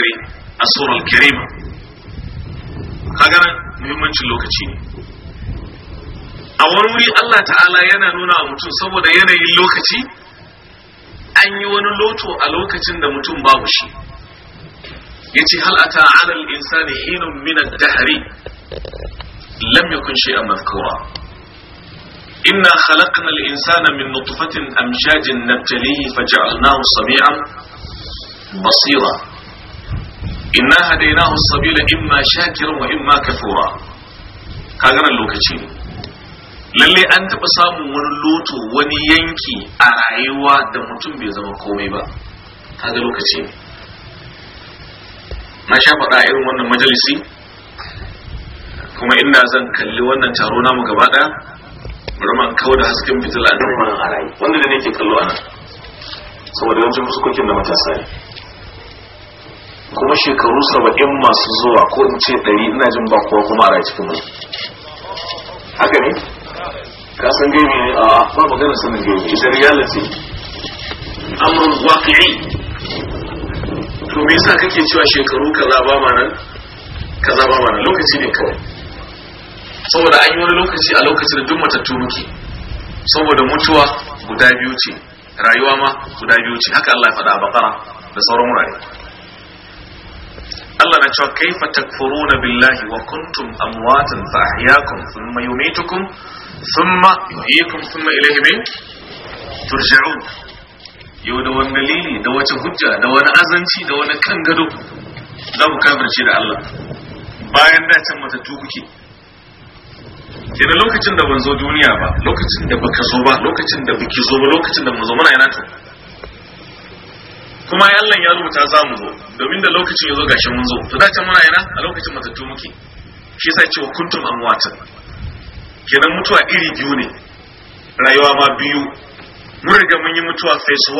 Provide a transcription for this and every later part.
a السورة الكريمة kagana muhimmancin lokaci ne a wani Allah ta'ala yana nuna wa mutum saboda yanayin lokaci an yi wani loto a lokacin da mutum babu shi ya ce halata alal insani hinun minar dahari lam yakun shay'an mazkura inna khalaqnal insana min nutfatin amshajin nabtalihi faj'alnahu sami'an basira inna hadainahu sabila imma shakiran wa imma kafura kaga nan lokaci lalle an taɓa samun wani loto wani yanki a rayuwa da mutum bai zama komai ba kaga lokaci na sha faɗa irin wannan majalisi kuma inda zan kalli wannan taro namu gaba ɗaya bari man kawo da hasken fitila a nan wannan a rayu wanda da nake kallo ana saboda yawancin fuskokin da matasa ne kuma shekaru saba'in masu zuwa ko in ce ɗari ina jin ba kowa kuma a cikin mai haka ne ka san gaibi ne a ba maganar sanin gaibi ita reality amurin waqi'i to me yasa kake cewa shekaru kaza ba mana nan kaza ba lokaci ne kawai saboda an yi wani lokaci a lokacin da duk matattu muke saboda mutuwa guda biyu ce rayuwa ma guda biyu ce haka Allah ya faɗa a bakara da sauran wurare Allah na cewa kaifa takfuruna billahi wa kuntum amwatan fa ahyaakum thumma yumitukum thumma yuhyikum thumma ilayhi min turja'un yau da wani dalili da wace hujja da wani azanci da wani kan gado za ku kafirce da Allah bayan da can matattu kuke kenan lokacin da ban zo duniya ba lokacin da baka zo ba lokacin da baki zo ba lokacin da mun zo muna yana to kuma ya Allah ya rubuta za mu zo domin da lokacin ya zo gashi mun zo to da muna yana a lokacin matattu muke shi yasa cewa kuntum amwatan kenan mutuwa iri biyu ne rayuwa ma biyu mun riga mun yi mutuwa phase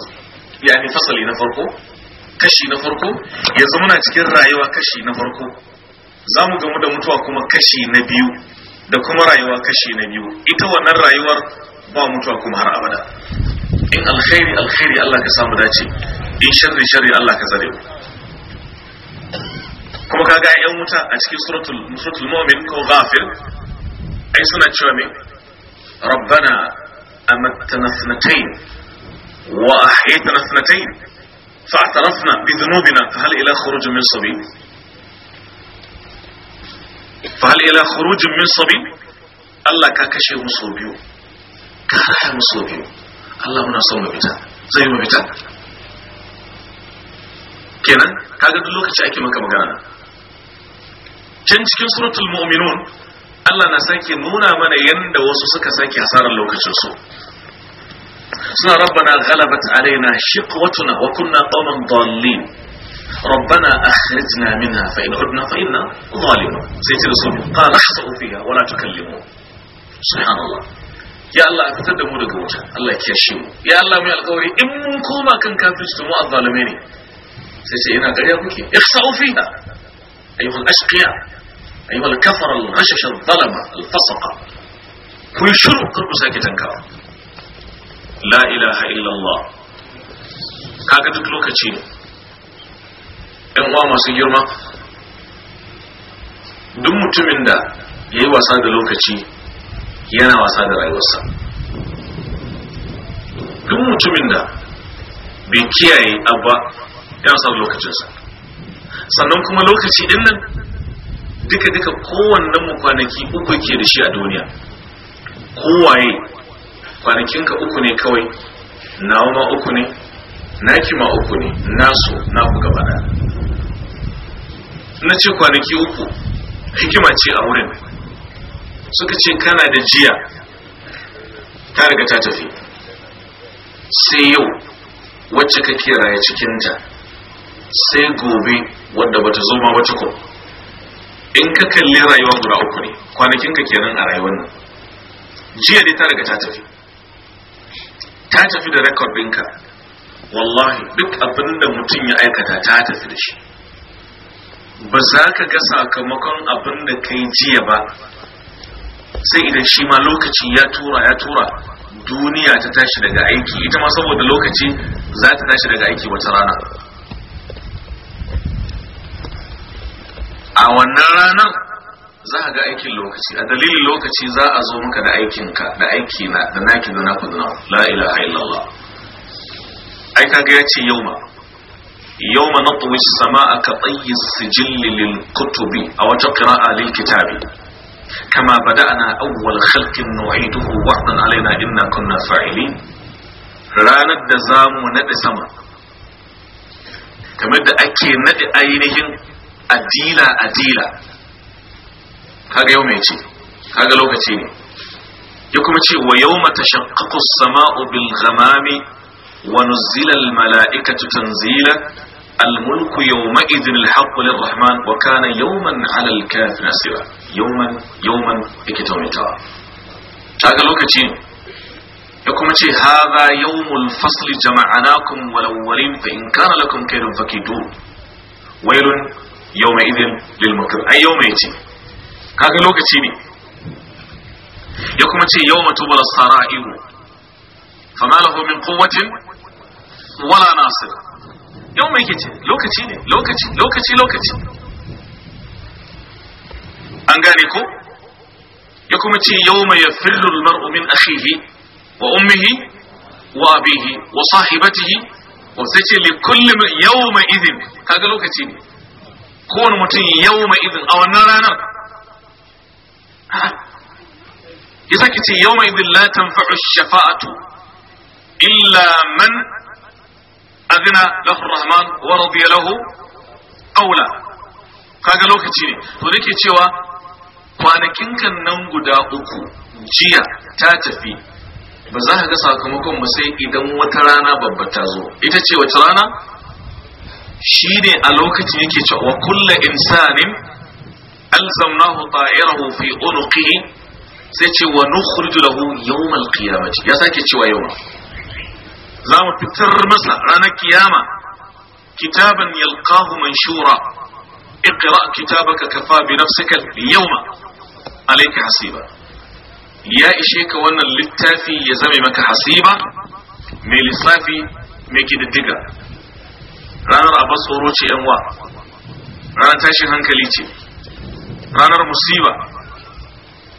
1 ya yani fasali na farko kashi na farko yanzu muna cikin rayuwa kashi na farko za mu gamu da mutuwa kuma kashi na biyu da kuma rayuwa kashi na biyu ita wannan rayuwar ba mutuwa kuma har abada in alkhairi alkhairi Allah ka samu dace in sharri sharri Allah ka tsare mu kuma kaga yan wuta a cikin suratul suratul mu'min ko ghafir ai suna cewa me rabbana amattana sanatayn wa ahyaytana sanatayn fa'tarafna bi dhunubina fa hal ila khuruj min sabil fa hal ila khuruj min sabil Allah ka kashe mu biyu ka raya mu biyu Allah muna son mafita zai yi mafita kenan kaga duk lokaci ake maka magana can cikin suratul mu'minun Allah na sake nuna mana yanda wasu suka sake hasarar lokacin su suna rabbana ghalabat alaina shiqwatuna wa kunna qauman dallin ربنا أخرجنا منها فإن عدنا فإنا ظالمون سيتلسون قال احسأوا فيها ولا تكلموا سبحان الله ya Allah a fitar da mu daga wuta Allah ya kiyashe mu ya Allah mai alƙawari in mun koma kan kafirci to mu azzalume ne sai ce ina gariya kuke ikhsa'u fiha ayyuhal ashqiya ayyuhal kafara al-ghashash al-zalama al-fasaqa ku shiru kar ku sake tankawa la ilaha illa Allah kaga duk lokaci ne ɗan uwa masu girma duk mutumin da yayi wasa da lokaci yana wasa da rayuwarsa duk mutumin da bai kiyaye Abba ya san lokacinsa sannan kuma lokaci din nan duka-duka kowannen mu kwanaki uku ke da shi a duniya kowaye kwanakinka uku ne kawai nawa ma uku ne naki ma uku ne nasu ku gaba na ce kwanaki uku hikima ce a wurin suka ce kana da jiya ta riga ta tafi sai yau wacce kake raye cikinta sai gobe wadda bata zo ma wata ko in ka kalli rayuwa guda uku ne kwanakin ka kenan a rayuwar nan jiya dai ta riga ta tafi ta tafi da din ɗinka wallahi duk abin da mutum ya aikata ta tafi da shi ba za ka ga sakamakon abin da kai jiya ba sai idan shi ma lokaci ya tura ya tura duniya ta tashi daga aiki ita ma saboda lokaci za ta tashi daga aiki wata rana a wannan ranar za a ga aikin lokaci a dalilin lokaci za a zo maka da aikinka da aiki na da naki da naku da na la ilaha illallah ai kaga ya ce yau ma yau ma na sama aka tsayi sijilli lil kutubi a wata qira'a lil kitabi كما بدأنا أول خلق نعيده وعدا علينا إنا كنا فاعلين ranar da za mu sama kamar da ake naɗi ainihin adila adila kaga yau mai ce kaga lokaci ne ya kuma ce wa yau mata shakkakus sama'u bil ghamami wa nuzilar mala'ikatu tanzila الملك يومئذ الحق للرحمن وكان يوما على الكافر سوى يوما يوما اكتومتا هذا لوكتين يقوم هذا يوم الفصل جمعناكم والأولين فإن كان لكم كيد فكيدون ويل يومئذ للمكر أي يوم يتي هذا لوكتين يقوم يوم تبلى الصرائع فما له من قوة ولا ناصر yau mai ce lokaci ne lokaci lokaci lokaci an gane ko ya kuma ce yau mai ya firru mar'u min akhihi wa ummihi wa abihi wa sahibatihi wa sai ce li kulli yau mai izin kaga lokaci ne kowane mutum yau mai izin a wannan ranar ya sake ce yau mai izin la tanfa'u shafa'atu illa man azina lahu rahman wa radiya lahu kaga lokaci ne to nake cewa kwanakin kan nan guda uku jiya ta tafi ba za ka ga sakamakon mu sai idan wata rana babba ta zo ita ce wace rana shi ne a lokacin yake cewa wa kulla insanin alzamnahu ta'irahu fi unuqihi sai ce wa nukhriju lahu yawmal qiyamati ya sake cewa yawma za mu fitar masa ranar kiyama kitaban yalqahu اقرأ كتابك كفى بنفسك اليوم عليك حسيبا يا إشيك وانا للتافي يزمي مك حسيبا مي لصافي مي كددقا رانا رأبا صوروشي أموا رانا تاشي هنكليتي رانا مصيبة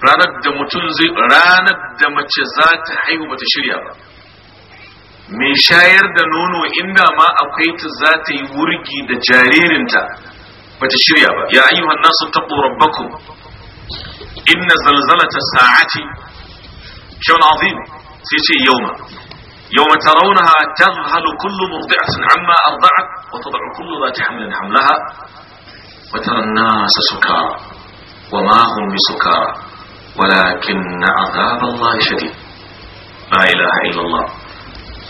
رانا دمتنزي رانا دمتشزات حيوبة شريعة mai shayar da nono inda ma akwai ta za ta yi wurgi da jaririnta ba ta shirya ba ya ayyuhan nasu taqu rabbakum inna zalzalata sa'ati shawun azim sai ce yauma يوم ترونها تذهل كل مرضعة عما أرضعت وتضع كل ذات حمل حملها وترى الناس سكارى وما bi sukara ولكن عذاب الله شديد لا إله إلا الله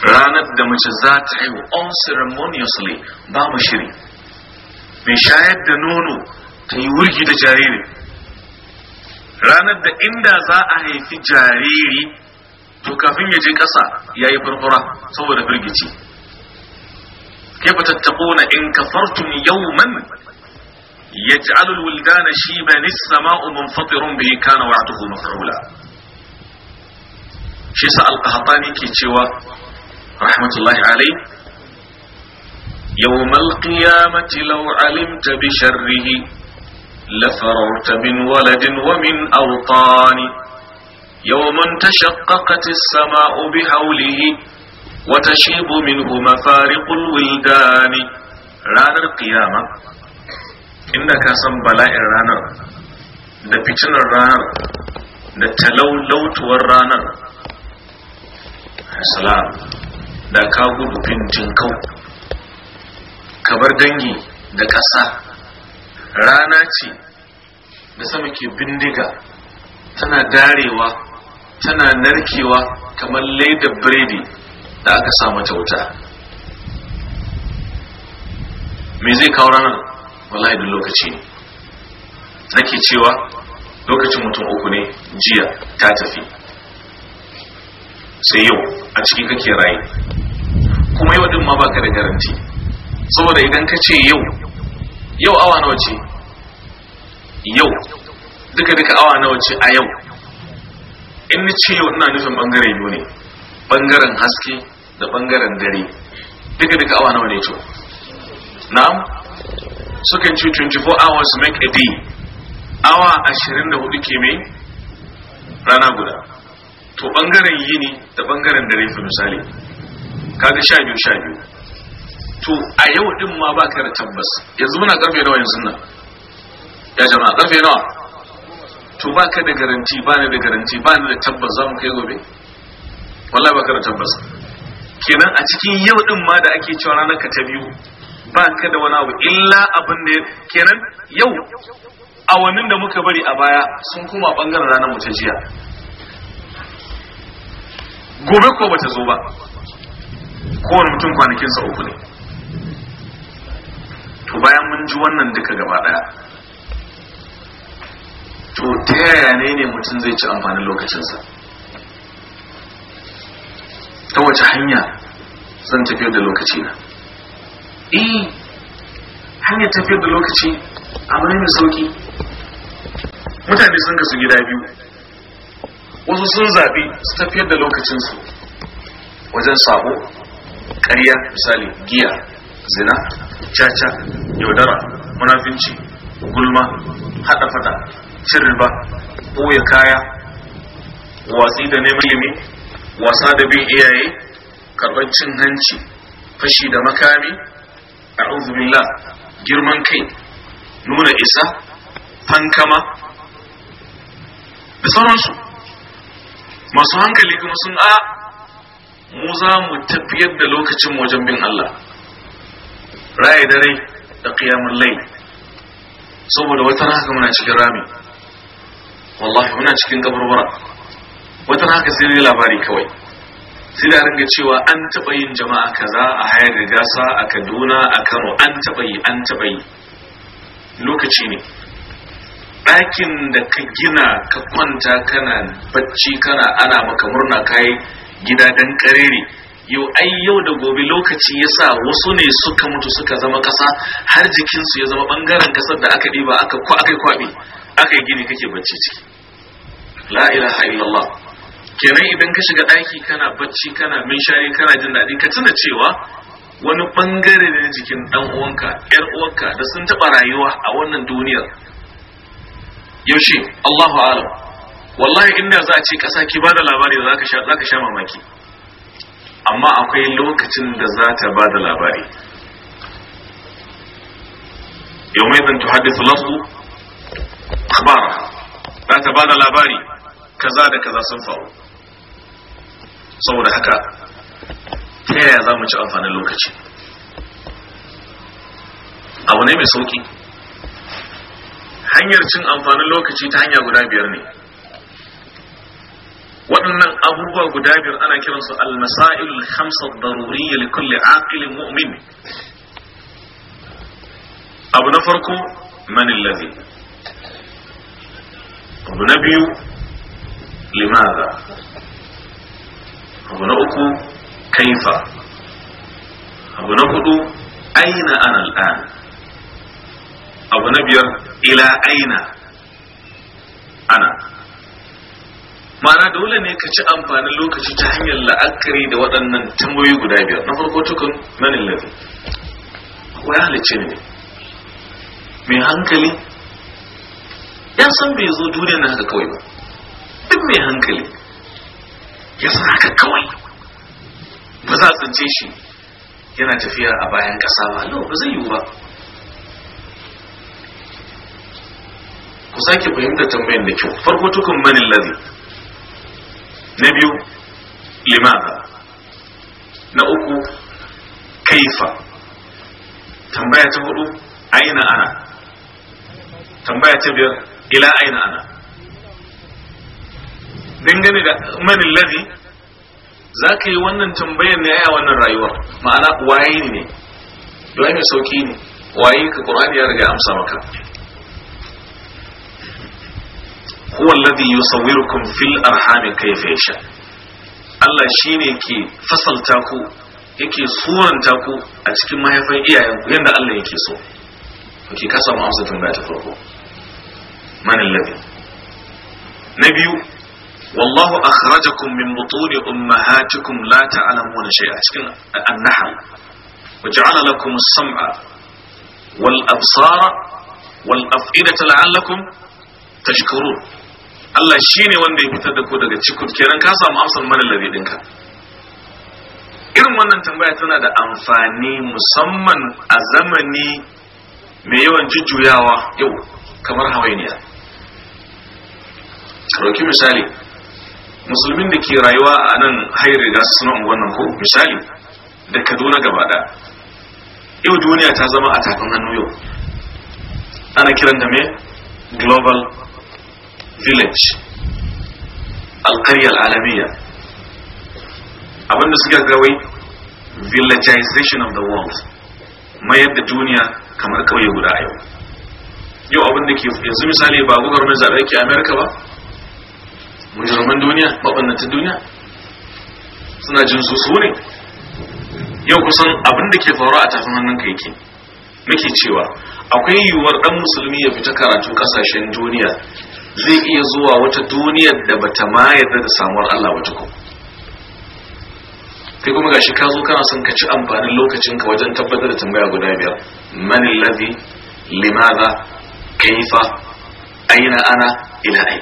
ranar da mace za ta haihu unceremoniously ba mu shiri mai shayar da nono ta yi wurgi da jariri ranar da inda za a haifi jariri to kafin ya je ƙasa ya yi furfura saboda birgici kai ba tattakona in kafartum yawman يجعل الولدان شيبا السماء منفطر به كان وعده مفعولا shi sa alƙahatani ke cewa رحمة الله عليه يوم القيامة لو علمت بشره لفررت من ولد ومن أوطان يوم تشققت السماء بهوله وتشيب منه مفارق الولدان ران القيامة إنك سنبلاء الران نبتن الران نتلو لوت والران السلام talaulautuwar da ka gudu fintin kau kabar dangi da ƙasa rana ce da sama ke bindiga tana darewa tana narkewa kamar laidar biredi da aka sa mata wuta me zai kawo ranar wallahi da lokaci nake cewa lokacin mutum uku ne jiya ta tafi sai yau a cikin kake rayu kuma yau din ma baka da garanti saboda idan ka ce yau yau awa nawa ce yau duka duka awa nawa ce a yau in ni ce yau ina nufin bangare biyu ne bangaren haske da bangaren dare duka duka awa nawa ne to na'am sukan ce 24 hours make a day awa 24 ke mai rana guda to bangaren yini da bangaren dare fi misali kaga sha biyu sha biyu to a yau din ma ba ka da tabbas yanzu muna karfe nawa yanzu nan ya jama'a karfe nawa to ba ka da garanti ba ni da garanti ba ni da tabbas za mu kai gobe wallahi ba ka da tabbas kenan a cikin yau din ma da ake cewa ranar ka ta biyu ba ka da wani abu illa abin da kenan yau awannin da muka bari a baya sun koma bangaren ranar mu ta jiya gobe ko bata zo ba kowane mutum kwanakinsa uku ne to bayan mun ji wannan duka gaba daya to ta yaya ne ne mutum zai ci amfanin lokacinsa ta wace hanya zan tafiyar da lokaci na eh hanya tafiyar da lokaci abu ne mai sauki mutane sun gasu gida biyu wasu sun zaɓi su tafiyar da lokacinsu wajen sabo ƙarya misali giya zina caca yaudara munafinci gulma haɗa faɗa, cin riba ɓoye kaya wasi da neman ilimi wasa da bin iyaye karɓar cin hanci fashi da makami a uzubillah girman kai nuna isa fankama da sauransu masu hankali kuma sun a mu za mu tafiyar da lokacin wajen bin Allah raye rai, da qiyamul lai saboda wata haka muna cikin rami wallahi muna cikin gabarwara wata haka sai dai labari kawai sai da ringa cewa an taɓa yin jama'a kaza a hayar da gasa a Kaduna a Kano an taɓa yi an taɓa yi lokaci ne ɗakin da ka gina ka kwanta kana bacci kana ana maka murna kai gida dan karere yau ai yau da gobe lokaci yasa wasu ne suka mutu suka zama kasa har jikinsu ya zama bangaren kasar da aka diba aka ko aka kwabe aka yi gini kake bacci ciki la ilaha illallah kenan idan ka shiga ɗaki kana bacci kana minshari kana jin daɗi ka tuna cewa wani bangare ne jikin ɗan uwanka yar uwanka da sun taɓa rayuwa a wannan duniyar yaushe Allahu a'lam wallahi inda za a ce ƙasa ki labari da labari za ka sha mamaki amma akwai lokacin da za ta bada labari yau mai zan tuhaddisu lasu akhbara za ta bada labari kaza da kaza sun faru saboda haka ta yaya za mu ci amfanin lokaci abu ne mai sauki hanyar cin amfanin lokaci ta hanya guda biyar ne waɗannan abubuwa guda biyar ana kiransu al-masail al-khamsa ad-daruriyya li kulli aqil mu'min abu na farko man allazi abu na biyu limaza abu na uku kaifa abu na hudu aina ana al'an abu na biyar ila aina ana ma'ana dole ne ka ci amfanin lokaci ta hanyar la'akari da waɗannan tambayoyi guda biyar na farko tukun manin lafi akwai halice ne mai hankali ya san bai zo duniya na haka kawai ba duk mai hankali ya san haka kawai ba za a tsince shi yana tafiya a bayan ƙasa ba lau ba zai yiwu ba ku sake fahimtar tambayin da kyau farko tukun manin lafi na biyu limaza na uku kaifa tambaya ta hudu aina ana tambaya ta biyar ila aina ana dangane da manin ladi za ka yi wannan tambayar ne a wannan rayuwar ma'ana waye ne dole mai sauki ne waye ka ƙurani ya riga amsa maka هو الذي يصوركم في الأرحام كيف يشاء الله شيني كي فصل تاكو يكي صورا تاكو أتكي ما يفعي إيا ينكو يند الله يكي صور فكي كسر معوزة بات فرقو من الذي نبي والله أخرجكم من بطون أمهاتكم لا تعلمون شيئا أتكي النحل وجعل لكم السمع والأبصار والأفئدة لعلكم تشكرون Allah shi ne wanda ya fitar da ku daga cikin kenan ka samu amsar mana labi ɗinka irin wannan tambaya tana da amfani musamman a zamani mai yawan jujjuyawa yau kamar hawainiya ɗauki misali musulmin da ke rayuwa a nan hairi su suna wannan ko misali da kaduna gaba da yau duniya ta zama a tafin hannu yau ana kiranta mai global village alƙaryar alamiya abinda suka gawai villagization of the world mayar da duniya kamar ƙauye guda yau yau abinda ke yanzu misali ba gugar mai zaɓe ke amerika ba mujirman duniya maɓannatan duniya suna jin yau kusan abinda ke faruwa a tafin hannun ka yake muke cewa akwai yiwuwar ɗan musulmi ya fita karatu ƙasashen duniya zai iya zuwa wata duniyar da bata ma yarda da samuwar Allah ba tukun kai kuma gashi ka zo kana son ka ci amfanin lokacin ka wajen tabbatar da tambaya guda biyar man ladhi limaza kaifa aina ana ila ai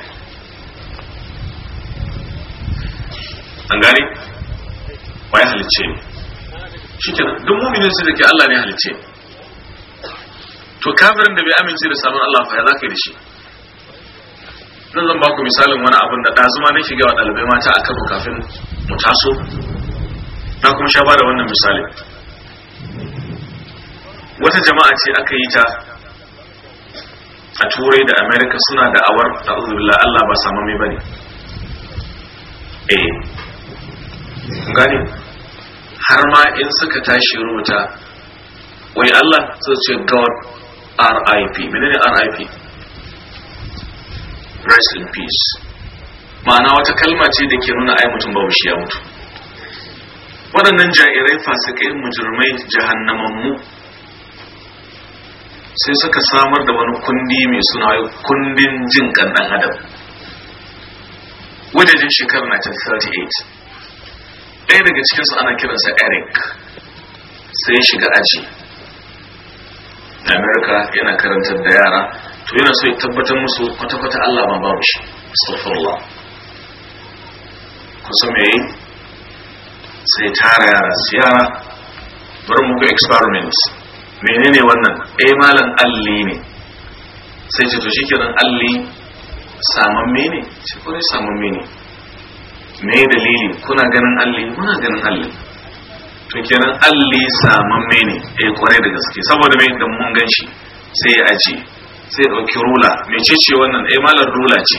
an gane wai ya halicce ne shikenan duk muminin su da ke Allah ne halicce to kafirin da bai amince da sabon Allah fa ya zaka yi da shi zan zan baku misalin wani abun da ɗazuma na shiga wa ɗalibai mata a kano kafin mu taso na kuma sha bada wannan misali wata jama'a ce aka yi ta a turai da america suna da awar ta'udullah allah ba samu mai bane eh gani har ma in suka tashi rubuta wai allah su ce god rip menene rip rest in peace ma'ana wata kalma ce da ke nuna ai mutum babu shi ya mutu waɗannan jairai fasikai mujirmai mu. sai suka samar da wani kundi mai suna kundin jin kan ɗan adam wajajen shekarar 1938 ɗaya daga cikinsu ana kiransa eric sai shiga aji da amerika yana karantar da yara to yana so ya tabbatar musu kwata-kwata Allah ma babu shi astaghfirullah kusa me yi sai tara yara siyara bari muku experiment menene wannan eh malam alli ne sai ce to shikenan alli saman mene ce kore saman mene me dalili kuna ganin alli muna ganin alli to kenan alli saman mene eh kore da gaske saboda me da mun gan shi sai ya ajiye sai ɗauki rula mai ce wannan eh malar rula ce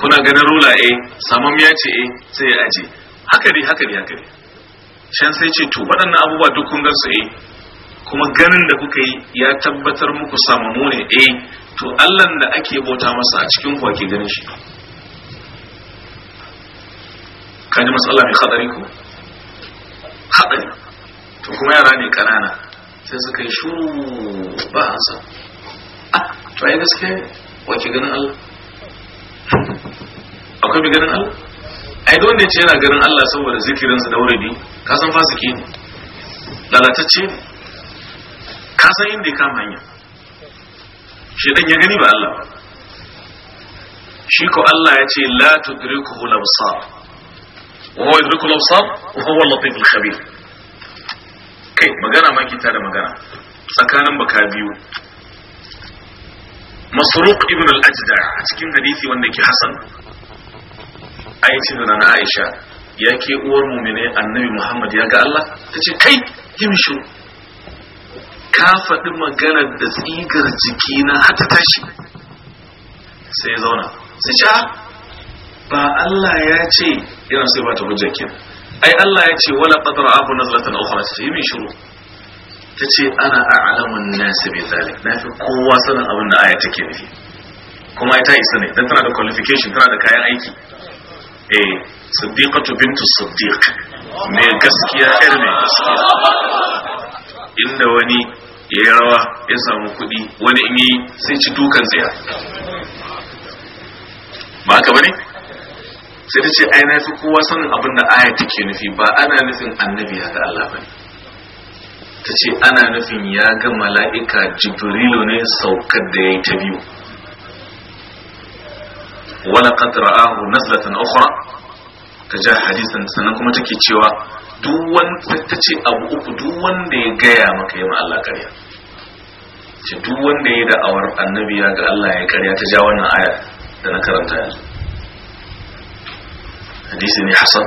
kuna ganin rula eh samamiya ce eh sai ya aje haka dai haka dai haka dai shan sai ce to waɗannan abubuwa duk kun gansu eh kuma ganin da kuka yi ya tabbatar muku samamu ne eh to allan da ake bauta masa a cikin ku ke ganin shi kaji matsala mai haɗari ko haɗari to kuma yara ne ƙanana sai suka yi shuru ba a to ai gaske wace ganin Allah akwai bi ganin Allah ai da wanda ya ce yana ganin Allah saboda zikirinsa da wuri ka san fasiki ne lalatacce ne ka san inda ya kama hanya shedan ya gani ba Allah ba shi ko Allah ya ce la tudrikuhu al-absar wa huwa yudriku al-absar wa huwa al-latif al-khabir kai magana ma kita da magana tsakanin baka biyu masruq ibn al-ajda a cikin hadisi wanda ke hasan ayatin na aisha ya ke uwar mumine annabi muhammad ya ga allah ta ce kai yimshu ka faɗi maganar da tsigar jikina har ta tashi sai ya zauna sai ce ah, ba allah ya ce yana sai ba ta hujjar ai allah ya ce wala qadra abu nazlatan ukhra sai yi min shiru ta ce ana a'lamun nasi bi zalik na fi kowa sanin abin da aya take nufi kuma ita isa ne dan tana da qualification tana da kayan aiki eh siddiqatu bintu siddiq me gaskiya yar ne gaskiya inda wani ya yi rawa ya samu kuɗi wani in yi sai ci dukan tsaya ba haka bane sai ta ce ai na fi kowa sanin abin da aya take nufi ba ana nufin annabi ya Allah bane ta ce ana nufin ya ga mala'ika jibrilu ne saukar da ya yi ta biyu Wani katara ahu nazlatan ukhra ta ja hadisan sannan kuma take cewa ta ce abu uku duk wanda ya gaya maka yi ma Allah ƙarya ce duk wanda ya yi da'awar annabi ya ga Allah ya ƙarya ta ja wannan aya da na karanta yanzu hadisi ne hasan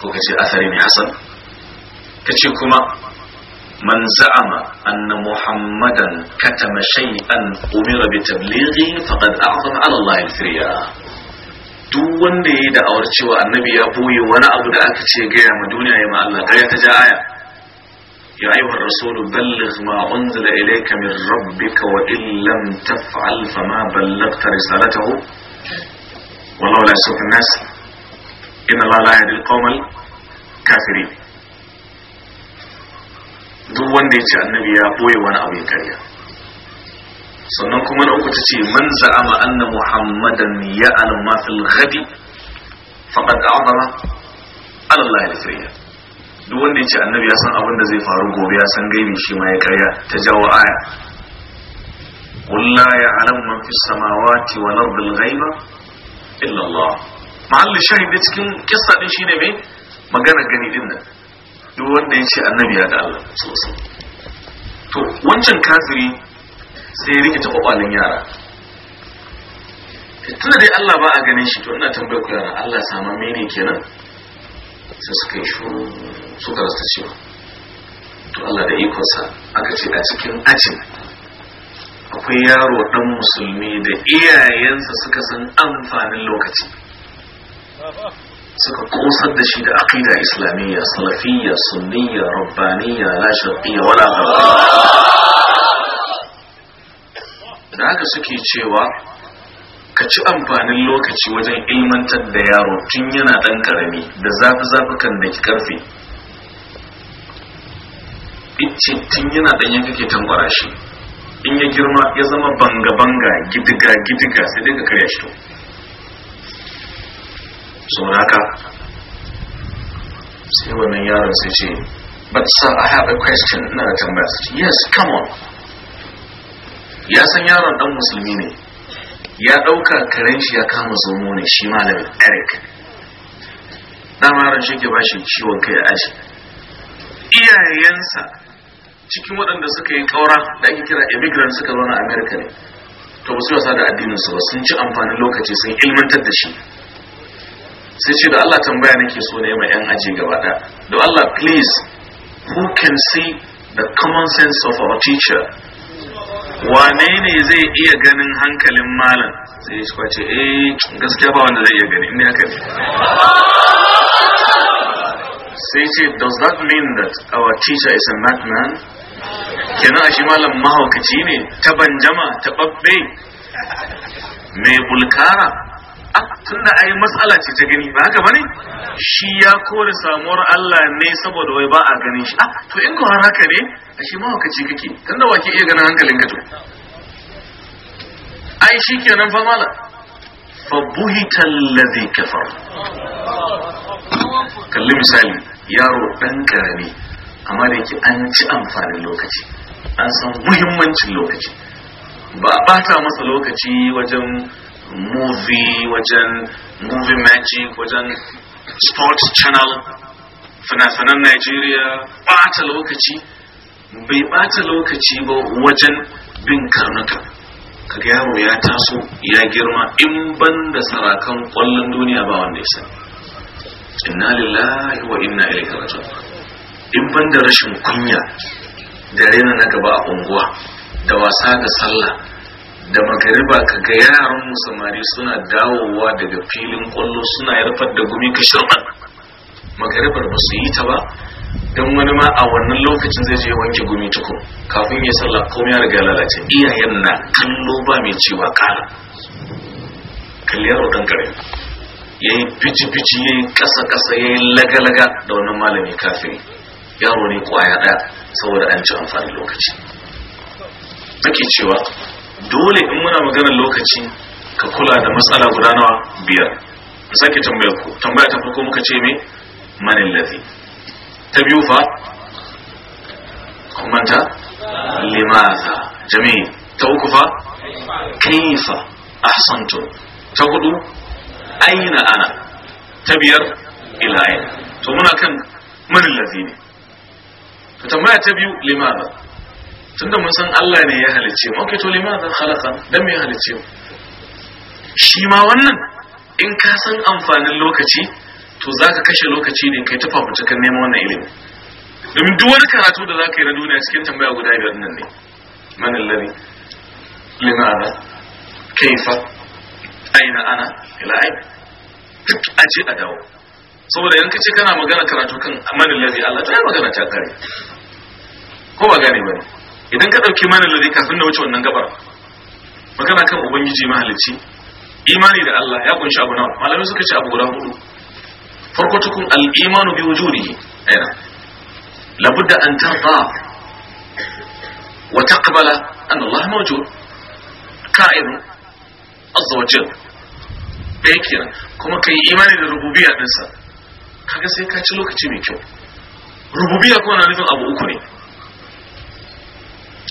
ko ka ce asari ne hasan ka ce kuma من زعم أن محمدا كتم شيئا أمر بتبليغه فقد أعظم على الله الفريا duk wanda ya yi da'awar cewa annabi ya boye wani abu da aka ce gaya ma duniya ya ma Allah ta ja aya ya ayyuha rasulu balligh ma unzila ilayka min rabbika wa in lam taf'al fa ma ballaghta risalatahu wallahu la yuhibbu an-nas inna allaha la yahdi al-qawma al-kafirin duk wanda ya ce annabi ya boye wani abu ya karya sannan kuma na uku ta ce man za'ama anna muhammadan ya alama fil ghadi faqad a'zama ala Allah al duk wanda ya ce annabi ya san abin da zai faru gobe ya san gaibi shi ma ya karya ta jawo aya qul la ya'lamu man fis samawati wal ardi al-ghaiba illa Allah mahallin shahid cikin kissa din shine me magana gani din nan duk wanda ya ce annabi ya da Allah sosai to wancan kafiri sai ya rikita kwakwalin yara eh, tunda dai Allah ba a ganin shi to ina tambayar ku yara Allah sama mene kenan sai suka yi shuru suka rasta cewa to Allah da ikonsa aka ce a cikin ajin akwai yaro dan musulmi da iyayensa suka san amfanin lokaci suka kosar da shi da aqida islamiyya salafiyya sunniyya rabbaniyya la sharqiyya wala da haka suke cewa ka ci amfanin lokaci wajen ilmantar da yaro tun yana dan karami da zafi zafi kan da ki karfe ice tun yana dan yanka ke tankwara shi in ya girma ya zama banga banga gidiga gidiga sai dai ka karya shi to sunaka sai wannan yaron sai ce but sir i have a question ina da tambaya sai yes come on ya san yaron dan musulmi ne ya dauka karen shi ya kama zomo ne shi malamin eric dan yaron shi ke bashi ciwon kai a aji iyayensa cikin waɗanda suka yi ƙaura da ake kira immigrant suka zo na america ne to ba su yasa da addinin su ba sun ci amfanin lokaci sun ilmantar da shi sai ce da Allah tambaya nake so ne mai yan aji gaba da do Allah please who can see the common sense of our teacher wane ne zai iya ganin hankalin malam sai shi kwace eh gaskiya ba wanda zai iya gani ne aka sai ce does that mean that our teacher is a madman kenan a shi malam mahaukaci ne ta banjama ta babbe mai bulkara Tunda da ai matsala ce ta gani ba haka bane shi ya kore samuwar Allah ne saboda wai ba a ganin shi ah to in ka har haka ne a shi ma kake tunda wake iya ganin hankalin ka to ai shi kenan fa mala fa buhita allazi kafar kalli misali yaro dan karami amma da yake an ci amfanin lokaci an san muhimmancin lokaci ba a bata masa lokaci wajen movie wajen movie magic wajen sports channel fina-finan Najeriya bata lokaci bai bata lokaci ba wajen bin karnuka kaga yaro ya taso ya girma in ban da sarakan kwallon duniya ba wanda ya sani inna lillahi wa inna ilaihi raji'un in ban da rashin kunya da rena na gaba a unguwa da wasa da sallah da magariba ka ga yaran musamari suna dawowa daga filin kwallo suna yarfar da gumi ka shirɓar magaribar ba su yi ta ba don wani ma a wannan lokacin zai je wanke gumi tuko kafin ya sallah komai ya riga lalace iyayen na kallo ba mai cewa kala kalli yaro dan kare ya yi fici-fici ya yi kasa-kasa ya yi laga-laga da wannan malami kafin yaro ne kwaya ɗaya saboda an ci amfani lokaci ake cewa dole in muna maganar lokaci ka kula da matsala guda nawa biyar sake tambayar ku tambaya ta farko muka ce me manin lafi ta biyu fa kuma ta limaza jami'i ta uku fa kaifa ahsantum ta hudu aina ana ta biyar ila aina to muna kan manin lafi ne ta tambaya ta biyu limaza tunda mun san Allah ne ya halicce mu okay to limadan khalaqan dan me ya halicce mu shi ma wannan in ka san amfanin lokaci to zaka kashe lokaci ne kai ta kan neman wannan ilimi domin duk wani karatu da zaka yi na duniya cikin tambaya guda biyar nan ne man alladhi limadan kaifa aina ana ila aina a ce a dawo saboda yan ce kana magana karatu kan man alladhi Allah ta magana ta kare ko ba gane ba ne idan ka dauki imanin da kafin da wuce wannan gabar magana kan ubangiji mahalicci imani da Allah ya kunshi abu nawa malamai suka ce abu guda hudu farko tukun al-imanu bi wujudihi aina labudda an tarda wa taqbala anna Allah mawjud qa'id azza wa jalla dai kenan kuma kai imani da rububiyya dinsa kaga sai ka ci lokaci mai kyau rububiyya kuma na nufin abu uku ne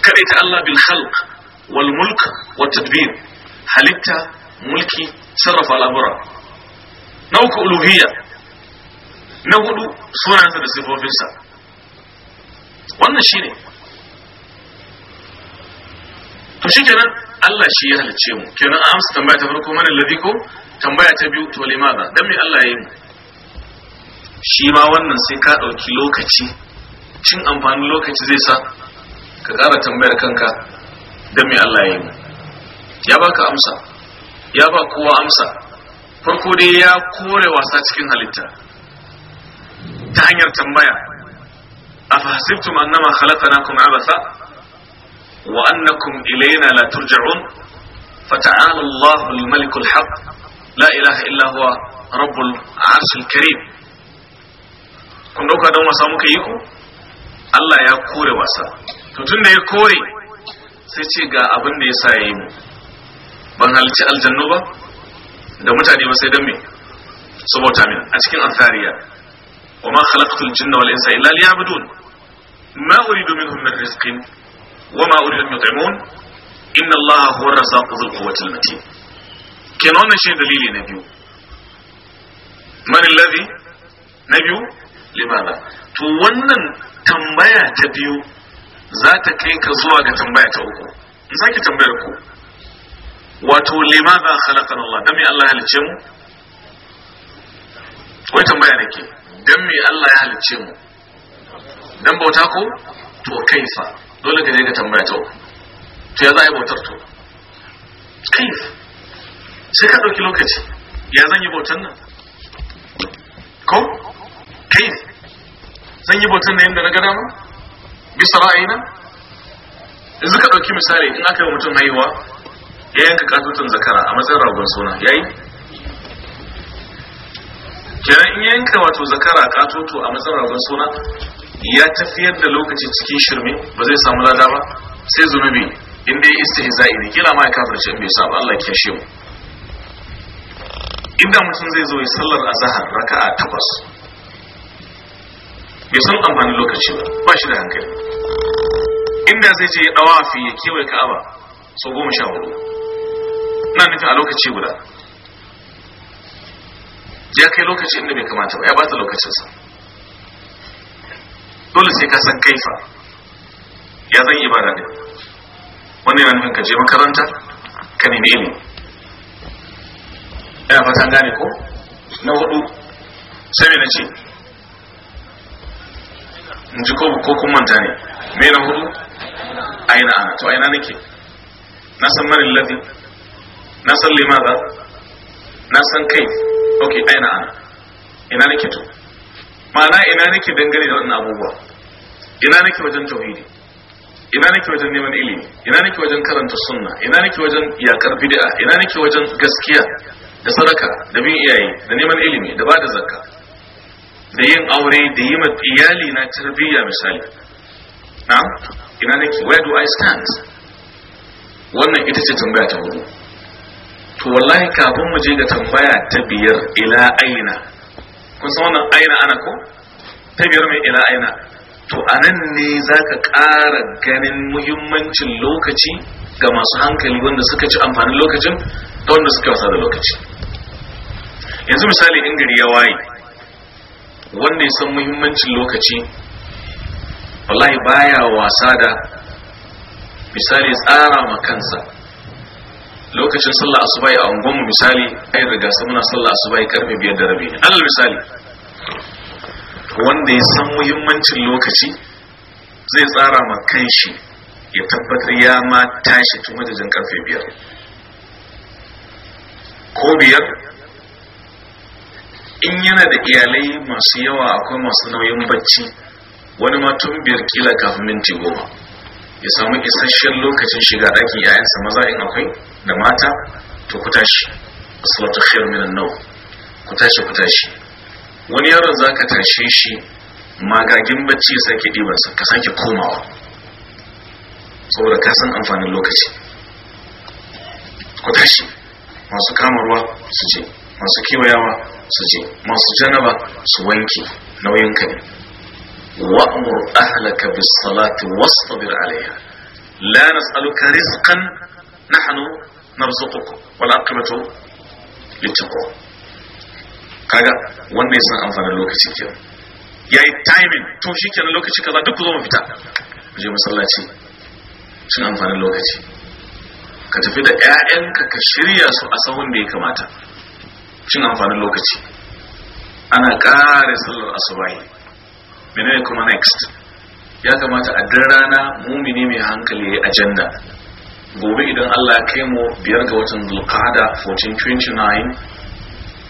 kare ta Allah bil khalq wal mulk tadbir halitta mulki sarrafa al'amura na uku uluhiyya na hudu sunansa da sifofinsa wannan shine to shi kenan Allah shi ya halicce mu kenan an amsa tambaya ta farko mana ladiko, tambaya ta biyu to limaza dan me Allah ya yi mu shi ma wannan sai ka dauki lokaci cin amfanin lokaci zai sa ka ƙara tambayar kanka don me Allah ya yi mu ya baka amsa ya ba kowa amsa farko dai ya kore wasa cikin halitta ta hanyar tambaya afahasibtum annama khalaqnakum abatha wa annakum ilayna la turja'un fata'ala Allahu al-malik al-haq la ilaha illa huwa rabbul arsh al-karim kun dauka don wasa muka yi ku Allah ya kore wasa to tun da ya kore sai ce ga abin da ya sa ya yi mu ban halicci aljannu ba da mutane ba sai don me saboda min a cikin asariya wa ma khalaqtul jinna wal insa illa liya'budun ma uridu minhum min rizqin wa ma uridu an yut'imun inna allaha huwa ar-razzaqu dhul quwwati al-matin kenan wannan shi dalili na biyu man alladhi na biyu limada to wannan tambaya ta biyu za ta kai ka zuwa ga tambaya ta uku in ki tambayar ku wato limaza khalaqana Allah dan me Allah ya halice mu wai tambaya nake dan me Allah ya halice mu dan bauta ko to kaifa dole ka je ka tambaya ta uku to ya za a yi bautar to kaif sai ka ɗauki lokaci ya zan yi bautar nan ko kaif zan yi bautar na yadda na gada ma bisa ra'ayina yanzu ka ɗauki misali in aka yi mutum haihuwa ya yanka katutun zakara a matsayin ragon suna ya yi? kenan in yanka wato zakara katutu a matsayin ragon suna ya tafiyar da lokaci cikin shirme ba zai samu lada ba sai zunubi in ya istihza'i ya kila ma ya kafirce in bai sa Allah ke shi mu inda mutum zai zo ya sallar raka a takwas bai san amfani lokaci ba ba shi da hankali inda zai je dawafi ya kewaye ka'aba sau goma sha hudu na nufin a lokaci guda ya kai lokaci inda bai kamata ba ya bata lokacinsa dole sai ka san kaifa ya zan ibada ne wani yana nufin ka je makaranta ka nemi ilmi yana fatan gane ko na hudu sai mai na ce in ji ko kuma manta ne mai na hudu aina ana to aina nake na san mani lafi na san limaza na san kai ok aina ana ina nake to ma'ana ina nake dangane da wannan abubuwa ina nake wajen tauhidi ina nake wajen neman ilimi ina nake wajen karanta sunna ina nake wajen yakar bid'a ina nake wajen gaskiya da sadaka da bin iyaye da neman ilimi da bada zakka da yin aure da yi ma iyali na tarbiyya misali na'am ina nake where do i stand wannan ita ce tambaya ta hudu to wallahi kafin mu je ga tambaya ta biyar ila aina kun san wannan aina ana ko ta biyar mai ila aina to anan ne zaka ƙara ganin muhimmancin lokaci ga masu hankali wanda suka ci amfanin lokacin da wanda suka wasa da lokaci yanzu misali in gari ya waye wanda ya san muhimmancin lokaci wallahi baya wasa da misali tsara ma kansa lokacin sallah asuba a unguwanmu misali ai riga sun muna sallah asuba karfe biyar da rabi alal misali wanda ya san muhimmancin lokaci zai tsara ma kanshi ya tabbatar ya ma tashi tun wajen karfe biyar ko biyar in yana da iyalai masu yawa akwai masu nauyin bacci wani ma biyar kila kafin minti goma ya samu isasshen lokacin shiga ɗakin yayansa maza in akwai da mata to ku tashi asalatu khair minan nau ku tashi ku tashi wani yaron za ka tashe shi magagin bacci ya sake ɗibansa ka sake komawa saboda ka san amfanin lokaci ku tashi masu kamarwa su je masu kewayawa su je masu janaba su wanke nauyin kai. وأمر أهلك بالصلاة واصطبر عليها لا نسألك رزقا نحن نرزقك والعاقبة للتقوى kaga wannan yasan amfanin lokaci kyau yayi timing to shikenan lokaci kaza duk zo mu fita je masallaci shin amfanin lokaci ka tafi da ƴaƴanka ka shirya su a sahun da ya kamata shin amfanin lokaci ana ƙara sallar asubahi menene kuma next ya kamata a duk rana mumini mai hankali ya yi janna gobe idan Allah ya kai mu biyar ga watan zulqa'ada 1429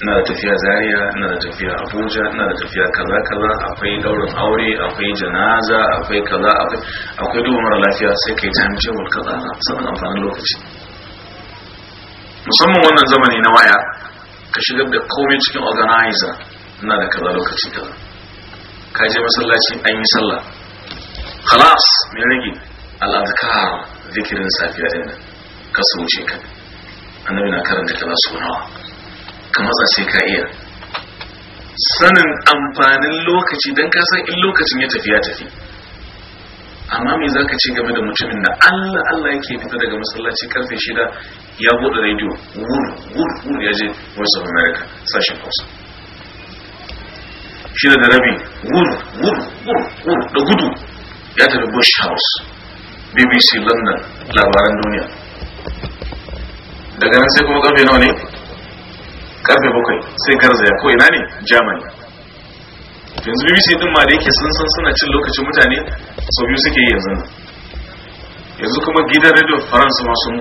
ina da tafiya zaria ina da tafiya abuja ina da tafiya kaza kaza akwai daurin aure akwai janaza akwai kaza akwai akwai mara lafiya sai kai ta mace wal kaza saboda amfanin lokaci musamman wannan zamani na waya ka shigar da komai cikin organizer ina da kaza lokaci kaza ka je masallaci an yi sallah khalas mai rage al'adkar zikirin safiya din ka su wuce ka annabi na karanta kaza su nawa ka matsa sai ka iya sanin amfanin lokaci don ka san in lokacin ya tafi ya tafi amma me zaka ce game da mutumin da Allah Allah yake fita daga masallaci karfe 6 ya bude radio wur wur wur ya je wasu of America sashen Hausa shida da rabi wuru wuru wuru da gudu ya tafi bush house bbc london labaran duniya daga nan sai kuma karfe nawa ne karfe bakwai sai garzaya ko ina ne germany yanzu bbc din ma da yake sun san suna cin lokacin mutane sau biyu suke yi yanzu yanzu kuma gidan radio faransa ma sun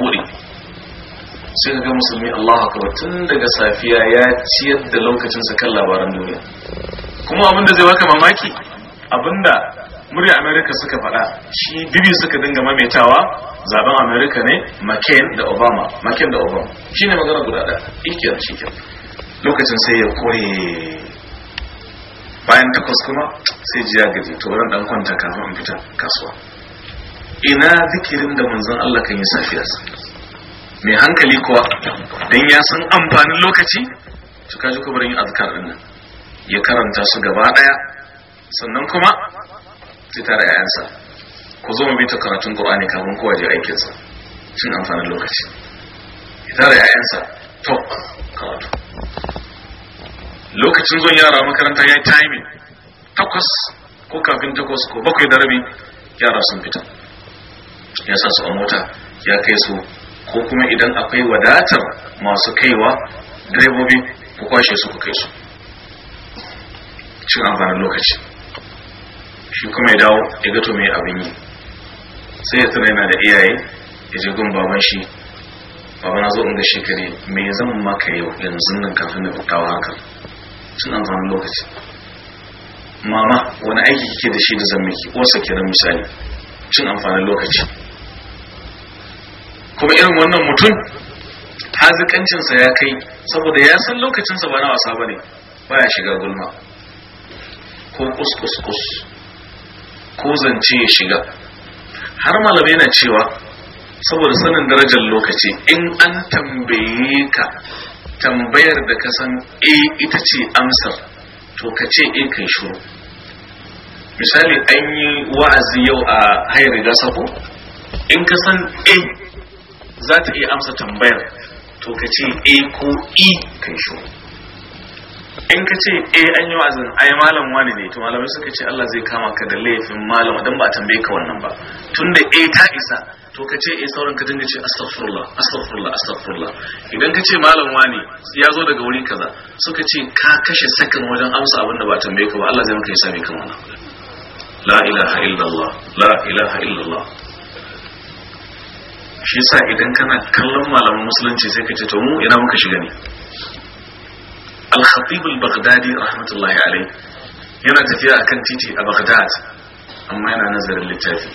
sai ka ga musulmi allah akbar tun daga safiya ya ciyar da lokacinsa kan labaran duniya kuma abinda zai baka mamaki abinda murya Amerika suka faɗa shi bibi suka dinga mamaitawa zaben Amerika ne mccain da obama mccain da obama shine magana guda da ikiyar cikin lokacin sai ya koye bayan takwas kuma sai ji ya gaji to wurin dan kwanta kafin in fita kasuwa ina zikirin da manzon Allah kan yi safiyarsa mai hankali kuwa don ya san amfanin lokaci to kaji kubarin yin azkar ɗin nan ya karanta su gaba daya sannan kuma sai tare yayansa ku zo mu ta karatun qur'ani kafin kowa waje aikin sa cin amfanin lokaci ya tare yayansa to karatu lokacin zon yara makaranta ya yi timing takwas ko kafin takwas ko bakwai da rabi yara sun fita ya sa su a mota ya kai su ko kuma idan akwai wadatar masu kaiwa direbobi ku kwashe su ku kai su cin amfanin lokaci shi kuma ya dawo ya gato mai abin yi sai ya tana yana da iyaye ya je gun baban shi baban na zo in shekari mai zan maka yau yanzu nan kafin na dawo haka cin amfanin lokaci mama wani aiki kike da shi da zan miki wasa kenan misali cin amfanin lokaci kuma irin wannan mutum hazikancinsa ya kai saboda ya san lokacinsa ba na wasa ba ne baya shiga gulma ko kus kus ko zance ya shiga har malamai na cewa saboda sanin darajar lokaci in an tambaye ka tambayar da ka san a eh, ita ce amsar to ka ce in eh, kai shuru misali an yi wa'azi yau a hayar riga sako in ka san a eh, za ta iya amsa tambayar to ka ce a ko e kai shuru in ka ce a eh, an yi wa'azin ai malam wani ne to malamai suka ce Allah zai kama ka da laifin malam don ba a tambaye ka wannan ba tunda a eh, ta isa to ka ce a eh, sauran ka dinga ce astaghfirullah astaghfirullah astaghfirullah idan ka ce malam wani ya zo daga wuri kaza suka ce ka kashe sakan wajen amsa abin da ba tambaye ka ba Allah zai maka ya sami kama. la ilaha illallah la ilaha illallah shi yasa idan kana kallon malaman musulunci sai ka ce to mu ina muka shiga ne الخطيب البغدادي رحمة الله عليه هنا تفيا كان تيتي بغداد أما هنا نزل اللتافي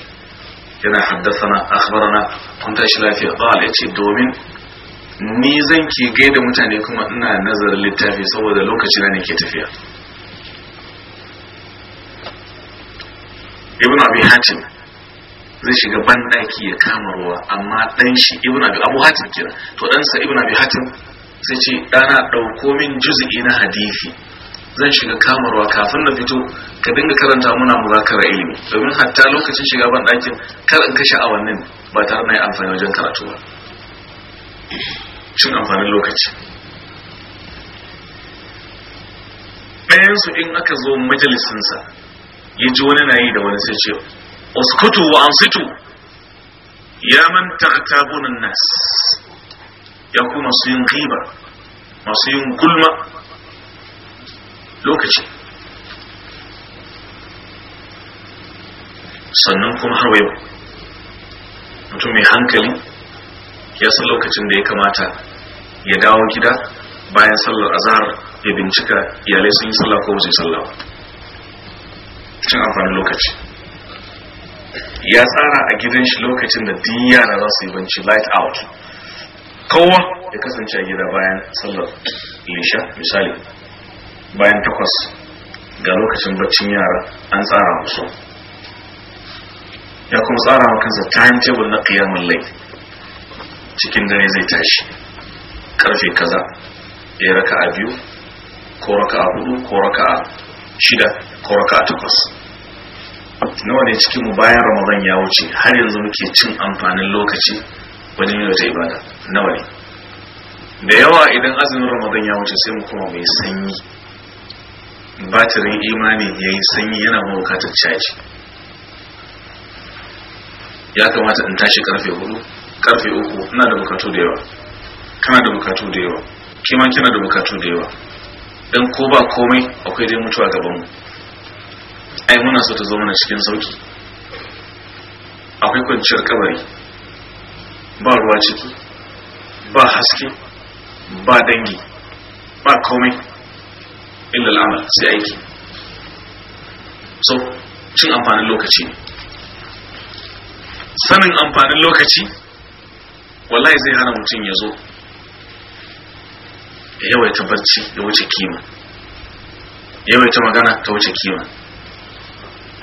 هنا حدثنا أخبرنا كنت أشلا في قال إتي دومين نيزن كي قيد متانيكم أنا نزل اللتافي سوى ذلوك جلاني كي تفيا ابن أبي حاتم zai shiga ban ɗaki ya kama ruwa amma ɗan shi ibn abi abu hatim kira to sai ce ɗana ɗauko min juz'i na hadisi zan shiga kamarwa kafin na fito ka dinga karanta muna muzakara ilimi domin hatta lokacin shiga ban dakin kar in kashe awannin ba tare na yi amfani wajen karatu ba cin amfanin lokaci su in aka zo majalisinsa ya ji wani na yi da wani sai ce uskutu wa ansitu ya man ta'tabunan nas ya ku masu yin riba masu yin gulma lokaci sannan kuma har yau mutum mai hankali ya san lokacin da ya kamata ya dawo gida bayan sallar azhar ya bincika iyalai sun yi sallah ko wasu sallah cin amfanin lokaci ya tsara a gidan shi lokacin da duk yara za su yi banci light out kowa ya kasance a gida bayan sallar lisha misali bayan takwas ga lokacin baccin yara an tsara musu ya kuma tsara wa kansa timetable na kiyamun lai cikin dare zai tashi karfe kaza ya raka a biyu ko raka a hudu ko raka a shida ko raka a takwas nawa ne cikin mu bayan ramadan ya wuce har yanzu muke cin amfanin lokaci wajen yau ta ibada nawa ne da yawa idan azumin ramadan ya wuce sai mu kuma mai sanyi batirin imani ya yi sanyi yana bukatar caji ya kamata in tashi karfe hudu karfe uku ina da bukatu da yawa kana da bukatu da yawa kima kina da bukatu da yawa dan ko ba komai akwai dai mutuwa gaban mu ai muna so ta zo mana cikin sauki akwai kwanciyar kabari ba ruwa ciki ba haske ba dangi ba komai inda al'amal sai aiki so cin amfanin lokaci sanin amfanin lokaci wallahi zai hana mutum ya zo ya yawaita barci ya wuce kima yawaita magana ta wuce kima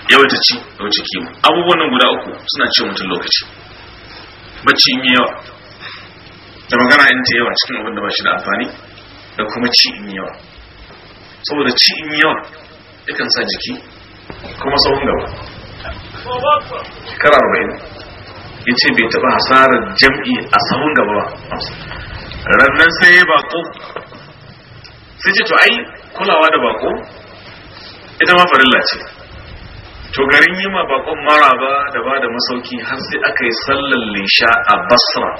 yawaita ci ya wuce kima abubuwan guda uku suna ce mutum lokaci bacci in yawa da magana in ta yawa cikin abin da ba shi da amfani da kuma ci in yawa saboda ci in yawa yakan sa jiki kuma tsawon gaba shekara arba'in ya ce bai taɓa hasarar jam'i a tsawon gaba ba rannan sai ya bako sai ce to ai kulawa da bako ita ma farilla ce to garin yi ma bakon maraba da ba da masauki har sai aka yi sallar lisha a basra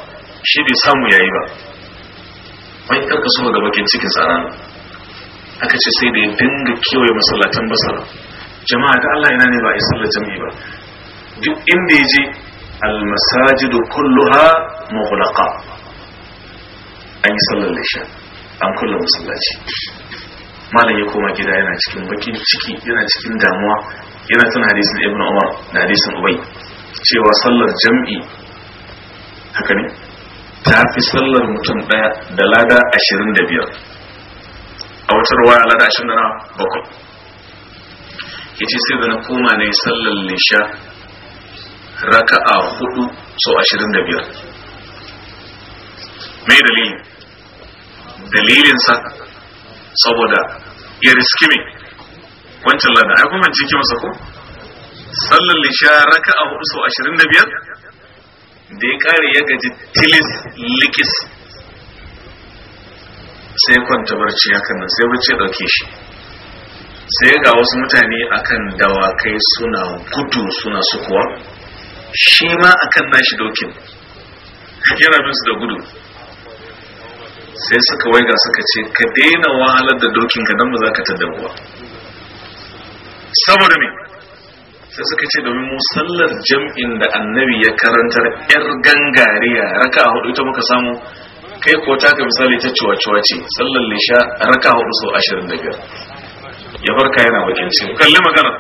shi bai samu yayi ba wani karka so ga bakin cikin tsanan aka ce sai da ya dinga kewaye masallatan basara jama'a ta Allah yana ne ba a yi sallar jami'i ba duk inda ya je almasajidu ha mughlaqa an yi sallar lisha an kulla masallaci malam ya koma gida yana cikin bakin ciki yana cikin damuwa yana tana hadisin ibnu umar da hadisin ubay cewa sallar jam'i haka ne ta fi sallar mutum daya da lada ashirin da biyar a wata ruwaya lada ashirin da na bakwai ya ce sai da na koma na yi sallar lisha a hudu so ashirin da biyar mai dalilin dalilinsa saboda ya riski mai wancan lada ya kuma jikin masa ko sallar lisha a hudu so ashirin da biyar da ya kare ya gaji tilis likis sai kwanta barci hakan nan sai barci dauke shi sai ga wasu mutane akan dawakai suna gudu suna sukuwa shi ma akan nashi dokin yana bin su da gudu sai suka waiga suka ce ka daina wahalar da dokin ka don ba za ka tadda saboda me sai suka ce domin mu sallar jam'in da annabi ya karantar yar gangariya raka a hudu ita muka samu kai ko ta ka misali ta cuwa-cuwa ce sallar lisha raka a hudu sau ashirin da biyar ya farka yana bakin ce kalli magana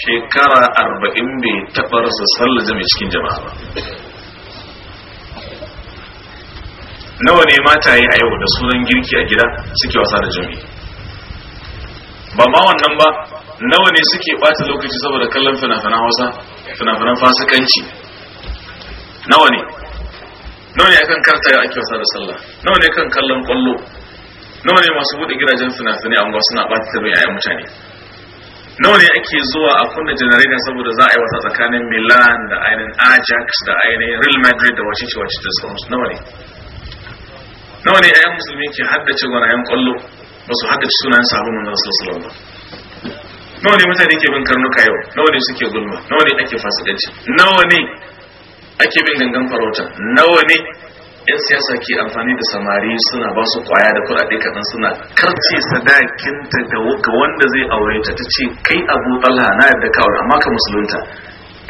shekara arba'in bai taɓa rasa sallar jami'i cikin jama'a ba nawa ne mata mataye a yau da sunan girki a gida suke wasa da jami'i ba ma wannan ba nawa ne suke bata lokaci saboda kallon fina-finan hausa fina-finan fasikanci nawa ne nawa ne akan karta ya ake wasa da sallah nawa ne kan kallon kwallo nawa ne masu buɗe gidajen fina-finai a suna bata a yayan mutane nawa ne ake zuwa a kunna janarina saboda za a yi wasa tsakanin milan da ainihin ajax da ainihin real madrid da wacece wacece da sauransu nawa ne nawa ne yayan musulmi ke haddace gwanayen kwallo ba su haddace sunayen sabon manzon sallallahu alaihi wasallam nawa ne mutane ke bin karnuka yau nawa ne suke gulma nawa ne ake fasikanci nawa ne ake bin gangan farauta nawa ne yan siyasa ke amfani da samari suna ba su kwaya da kuɗaɗe kaɗan suna karce sadakinta ga wanda zai aure ta ta ce kai abu talha na yadda ka aure amma ka musulunta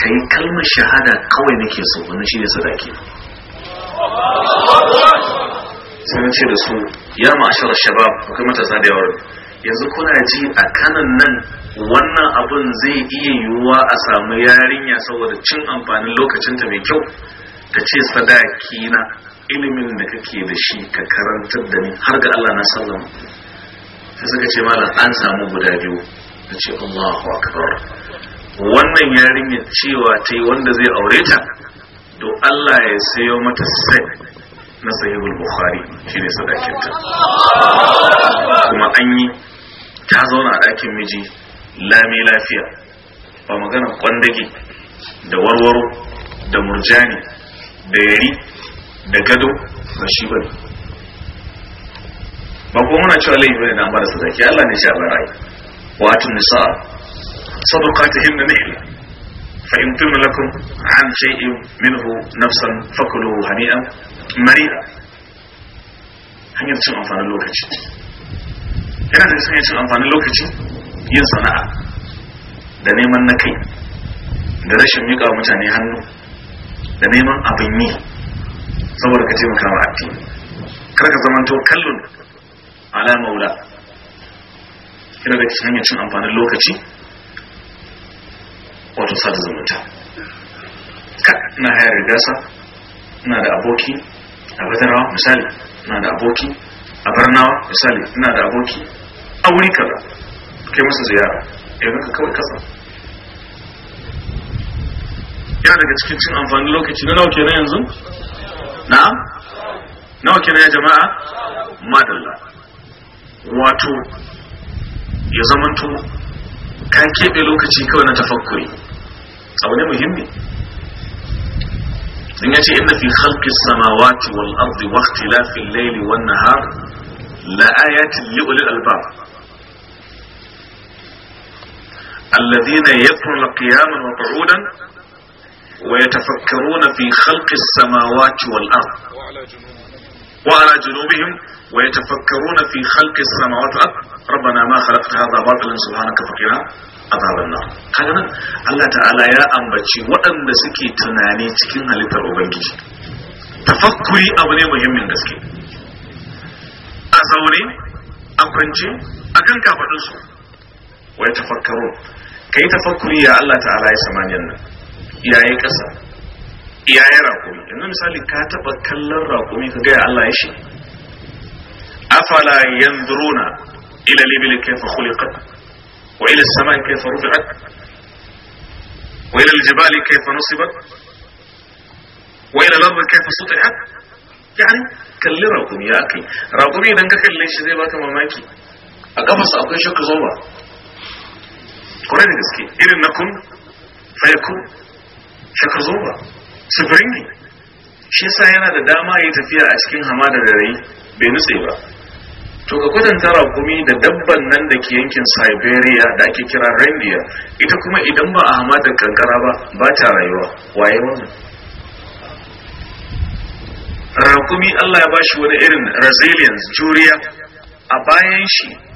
ka yi kalmar shahada kawai nake so wannan shi ne sadaki sun ce da su ya ma'ashar shabab kuka matasa da yawar yanzu kuna ji a kanan nan wannan abun zai iya yiwuwa a samu yarinya saboda cin amfanin lokacinta mai kyau ta ce sadaki na ilimin da kake da shi ka karantar da ni har ga Allah na sallama ta suka ce malam an samu guda biyu ta ce Allahu akbar wannan yarinya cewa ta yi wanda zai aure ta to Allah ya sayo mata sai na sahihul bukhari shine sadakinta kuma an yi ta zauna a ɗakin miji lami lafiya ba magana kwandage da warwaro da murjani da yari da gado ba shi bane ba ko muna cewa laifin bane na mara sadaki Allah ne shi a barai wa atun nisa sadaqatihin nihla fa in tumna lakum an shay'in minhu nafsan fakuluhu hani'an mari'a hanyar cin amfanin lokaci yana da cin amfanin lokaci yin sana'a da neman na kai da rashin miƙa mutane hannu da neman abin yi saboda ka taimaka wa addini kar ka zamanto kallon ala maula kira ga hanyar cin amfanin lokaci wato sada zumunta na hayar rigasa na da aboki a batarawa misali na da aboki a barnawa misali na da aboki a wuri kaza kai musu ziyara yanzu ka kawai kasa yana daga cikin cin amfani lokaci na nawa na yanzu na nawa na ya jama'a madalla wato ya zamanto ka keɓe lokaci kawai na tafakkuri abu ne muhimmi sun yace inda fi khalqi samawati wal ardi wa ikhtilafi al-layli wan nahar la ayatin li ulil albab الذين يذكرون قياما وقعودا ويتفكرون في خلق السماوات والأرض وعلى جنوبهم ويتفكرون في خلق السماوات والأرض ربنا ما خلقت هذا باطلا سبحانك فقنا عذاب النار هذا الله تعالى يا امبشي وأن نسكي تناني تكينها لتروبنجي تفكري أبني مهم من نسكي أزوني أكونجي أكن كابتنسو ويتفكرون ka yi tafakkuri ya Allah ta'ala ya samaniyar nan ya yi ƙasa ya yi raƙumi yanzu misali ka taɓa kallon raƙumi ka gaya Allah ya shi afala yanzuruna ila libil kaifa khuliqat wa ila samai kaifa rufi'at wa ila aljibali kaifa nusibat wa ila al-ardi kaifa sutihat yani kalli raƙumi ya kai raƙumi idan ka kalle shi zai baka mamaki a kafarsa akwai shakka zoba kwarai da gaske irin na kun fayaku shaka zuba su ne shi sa yana da dama yi tafiya a cikin hamada da rai bai nutse ba to ka kwatanta rakumi da dabban nan da ke yankin siberia da ake kira reindeer ita kuma idan ba a hamadar kankara ba ba ta rayuwa waye wannan rakumi allah ya bashi wani irin resilience juriya a bayan shi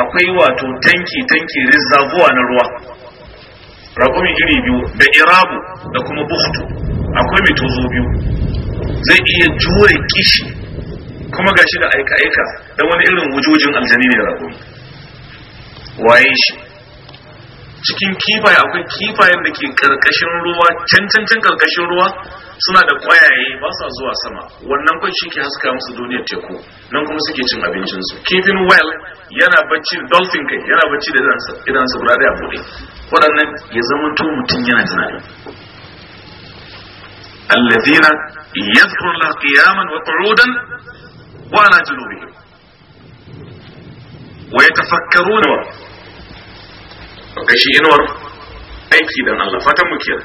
akwai wato tanki tanki reservoir na ruwa raƙumi iri biyu da irabu da kuma buhtu akwai mai tozo biyu zai iya jure kishi kuma ga shi da aika-aika da wani irin wujojin aljani ne raƙumi waye shi cikin kifaye akwai kifayen da ke karkashin ruwa cancancin karkashin ruwa suna da kwayaye ba sa zuwa sama wannan kwanci shi ke haska musu duniyar teku nan kuma suke cin abincinsu kifin whale yana bacci dolphin kai yana bacci da idan sa guda daya bude waɗannan ya zama to mutum yana tunani alladhina yadhkuru Allah qiyaman wa qu'udan wa ala junubihim wa yatafakkaruna wa kashi inwar aiki dan Allah fatan muke kiyar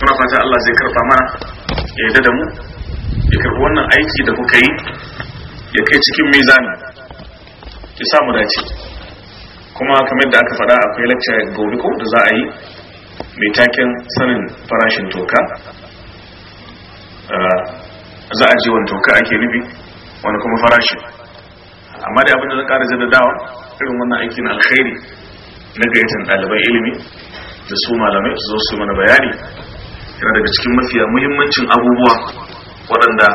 fata Allah zai karfa mana ya yarda da mu ya karfa wannan aiki da kuka yi ya kai cikin mizani ya samu dace kuma kamar da aka faɗa akwai lacca gobe ko da za a yi mai taken sanin farashin toka ah, za a je wani toka ake nufi wani kuma farashin amma da abin da zan ƙara jaddadawa irin wannan aikin alkhairi na gayyatan ɗaliban ilimi da su malamai su zo su mana bayani yana daga cikin mafiya muhimmancin abubuwa waɗanda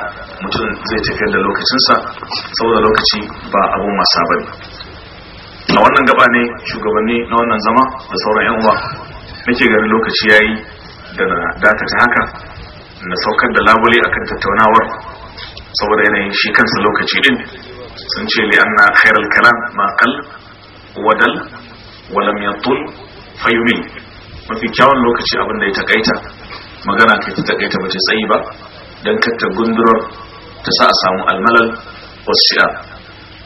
mutum zai tafiyar da lokacinsa saboda lokaci ba abu masu ba a wannan gaba ne shugabanni na wannan zama da sauran yan uwa nake ganin lokaci ya yi da na dakata haka na saukar da labule akan tattaunawar saboda yanayin shi kansa lokaci din sun ce li na khairar kalam ma wadal walam ya tul fayumi mafi kyawun lokaci abin da ya takaita magana ke ta takaita ba ta tsayi ba don katta gundurar ta sa a samu almalal wasi'a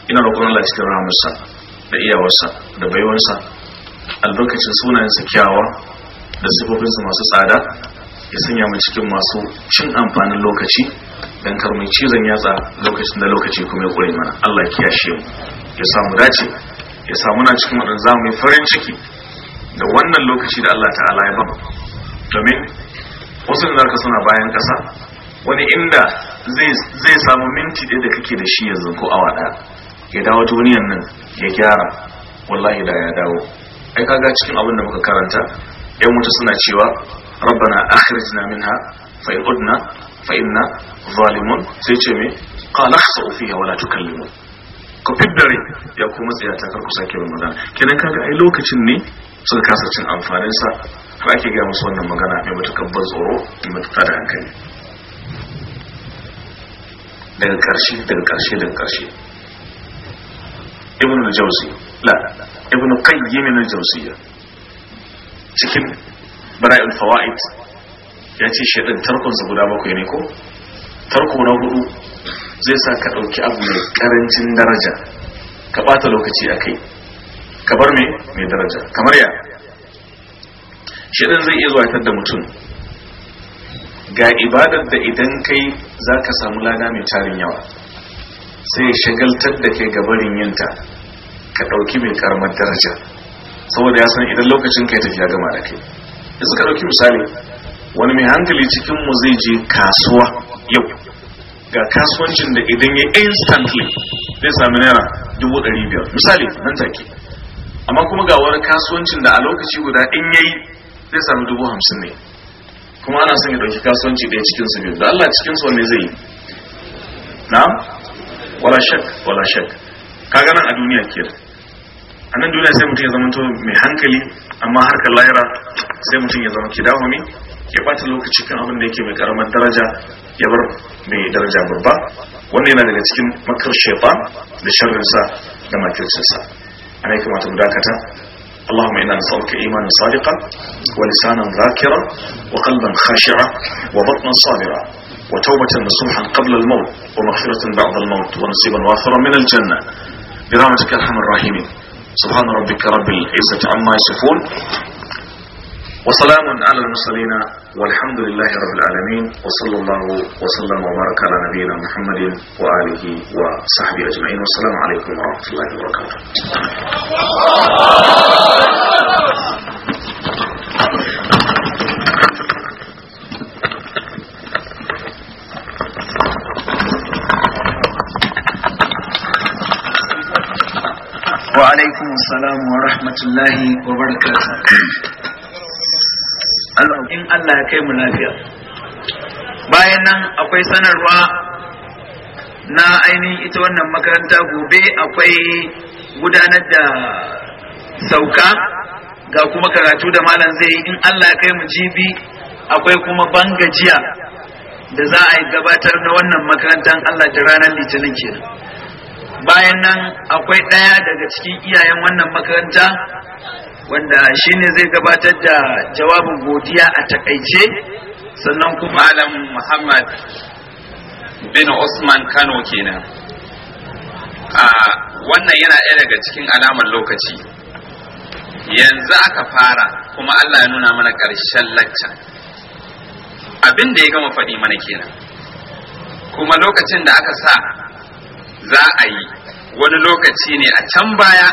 ina roƙon Allah cikin rahamarsa da iyawarsa da baiwarsa albarkacin sunayensa kiyawa da sifofinsa masu tsada ya sanya mu cikin masu cin amfanin lokaci don kar cizon yatsa lokacin da lokaci kuma ya kure mana Allah ya kiyashe mu ya samu dace ya samu na cikin waɗanda za mu yi farin ciki da wannan lokaci da Allah ta'ala ya ba domin wasu da suna bayan ƙasa wani inda zai samu minti ɗaya da kake da shi yanzu ko awa ɗaya ya dawo duniyan nan ya gyara wallahi da ya dawo ai kaga cikin abin da muka karanta yan mutu suna cewa rabbana akhrijna minha fa in udna fa inna zalimun sai ce me qala khsa'u fiha wala la ku fiddare ya kuma tsaya ta karku sake ramadan kenan kaga ai lokacin ne suka kasa cin amfanin sa har ake ga musu wannan magana mai mutakabbar bar tsoro mai da hankali daga karshe daga karshe daga karshe ibn al-jawzi la ibn qayyim al-jawziyya cikin bara'il fawaid ya ce shaidan tarkon sa guda bakwai ne ko tarko na hudu zai sa ka dauki abu mai karancin daraja ka bata lokaci akai ka bar mai mai daraja kamar ya Shi shaidan zai iya zuwa da mutum ga ibadar da idan kai za ka samu lada mai tarin yawa sai ya shagaltar da ke gabarin yinta ka ɗauki mai karamar daraja saboda ya san idan lokacin kai tafiya gama da kai da suka ɗauki misali wani mai hankali cikin mu zai je kasuwa yau ga kasuwancin da idan ya instantly zai sami naira biyar, misali nan take amma kuma ga wani kasuwancin da a lokaci guda in yayi zai sami hamsin ne kuma ana son ya dauki kasuwanci ɗaya cikin su biyu da Allah cikin su wanne zai yi na wala shak wala shak ga nan a duniya ke a nan duniya sai mutum ya zama to mai hankali amma harkar lahira sai mutum ya zama ke dawo ne ya bata lokaci kan abin da yake mai karamar daraja ya bar mai daraja babba wannan yana daga cikin makar shefa da sharrinsa da makircinsa ana yi kamata mu dakata اللهم إنا نسألك إيمانا صادقا ولسانا ذاكرا وقلبا خاشعا وبطنا صابرا وتوبة نصوحا قبل الموت ومغفرة بعد الموت ونصيبا وافرا من الجنة برحمتك أرحم الراحمين سبحان ربك رب العزة عما يصفون وسلام على المرسلين والحمد لله رب العالمين وصلى الله وسلم وبارك على نبينا محمد وآله وصحبه أجمعين والسلام عليكم ورحمة الله وبركاته وعليكم السلام ورحمة الله وبركاته in Allah ya kai mu lafiya bayan nan akwai sanarwa na ainihin ita wannan makaranta gobe akwai gudanar da sauka ga kuma karatu da malam zai yi, in Allah ya kai mu jibi akwai kuma bangajiya da za a yi gabatar na wannan makarantar Allah da ranar litinin kenan bayan nan akwai ɗaya daga cikin iyayen wannan makaranta wanda shi ne zai gabatar da jawabin godiya a takaice sannan kuma malam muhammad bin usman kano kenan a wannan yana ɗaya daga cikin alamar lokaci yanzu aka fara kuma allah ya nuna mana ƙarshen lacca abin da ya gama faɗi mana kenan kuma lokacin da aka sa za a yi wani lokaci ne a can baya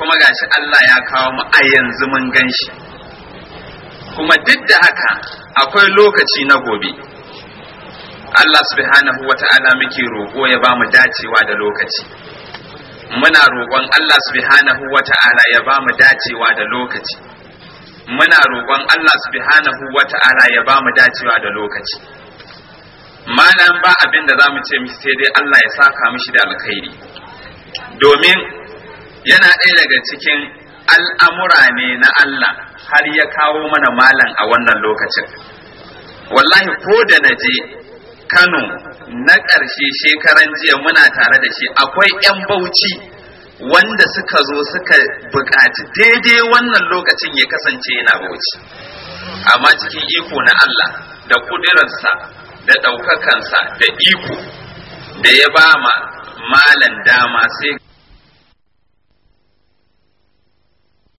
kuma gashi Allah ya kawo mu a yanzu mun gan shi kuma duk da haka akwai lokaci na gobe Allah subhanahu wa ta'ala muke roƙo ya ba mu dacewa da lokaci muna roƙon Allah subhanahu wa ta'ala ya ba mu dacewa da lokaci muna roƙon Allah subhanahu wa ta'ala ya ba mu dacewa da lokaci malam ba abin da za mu ce mishi sai dai Allah ya saka mishi da alkhairi domin yana ɗaya daga cikin al'amura ne na Allah har ya kawo mana malam a wannan lokacin wallahi ko da na je Kano na ƙarshe shekaran jiya muna tare da shi akwai 'yan bauchi wanda suka zo suka buƙaci daidai wannan lokacin ya kasance yana bauchi amma cikin iko na Allah da ƙudurarsa da ɗaukakansa da iko da ya ba ma malan dama sai